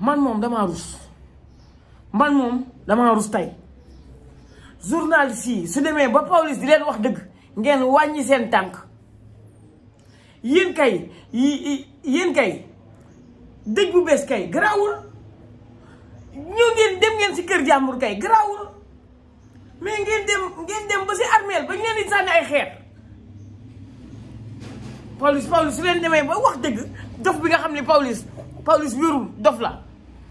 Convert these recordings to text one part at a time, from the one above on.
man moom damaa rus man moom damaa rus tey journaliste yi su demee ba police di leen wax dëgg ngeen wàññi seen tànk yéen kay yéen kay dëj bu bees kay garaawul ñoo ngeen dem ngeen ci kër jàmbur kay garaawul mais ngeen dem ngeen dem ba si armeel ba ñu leen di sànni ay xeer police police su leen demee ba wax dëgg dof bi nga xam ni police police wérul dof la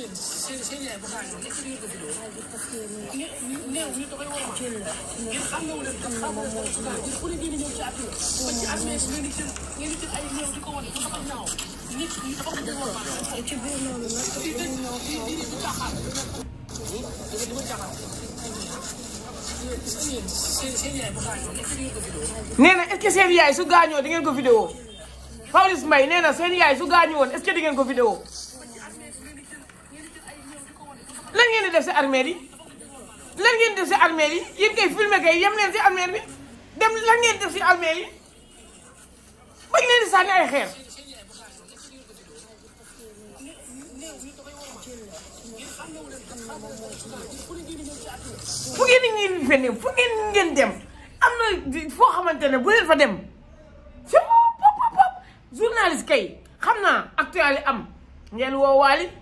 yéen seen seen yaay ne ngeen ñëw ci àdduna ba di jël ko wane ma ci biir loolu nag que seen yaay su gaañoo di ko vidéo Pawlish Mbaye nee na seen yaay su gaañu woon est-ce que di ngeen ko vidéo lan ngeen di def si armeel yi lan ngeen di def si armeel yi yéen kay filmé kay yem leen si armeel bi dem lan ngeen def si armeel yi bañ leen di sànni ay xeer fu ngeen ngeen fene fu ngeen ngeen dem am na foo xamante ne bu leen fa dem fi mu pop pop journaliste kay xam naa actualité am ngeen woo Waly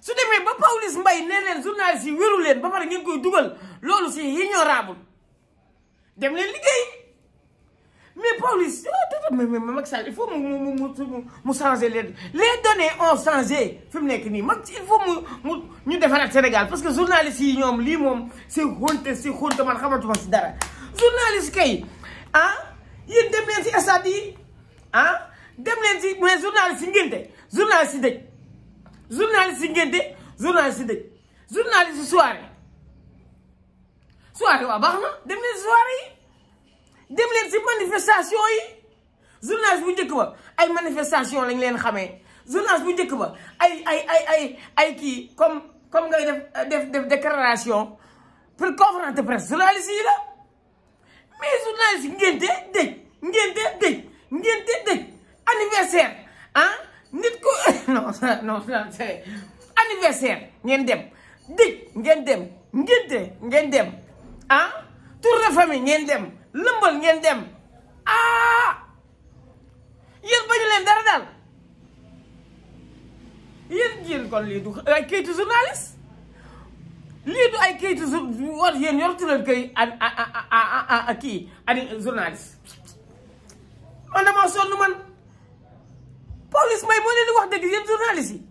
su demee ba Pawlish Mbaye nee journaliste c'est ignorable dem mais Pawlish ah, mais il faut mu changer les les données ont changé il faut mu Sénégal parce que pas journalistes ils lii c'est honte c'est honte sais pas si dara journaliste kay ah ne Ils pas ah dem pas si journaliste journaliste journaliste yi journaliste yi journaliste soirée soirée waa baax na dem len soirée dem len ci manifestation yi journaliste bu ba ay manifestation lañ len xamé journaliste bu ba ay ay ay ay comme comme déclaration pour conférence de presse la mais journaliste de anniversaire hein? non non anniversaire ngeen dem dëj ngeen dem ngénte ngeen dem ah tour de famille ngeen dem lëmbal ngeen dem ah yéen bañu leen dara daal yéen yéen kon lii ay kayitu journaliste lii du ay kayitu war yéen yortu leen police may moo leen di wax dëgg yéen journaliste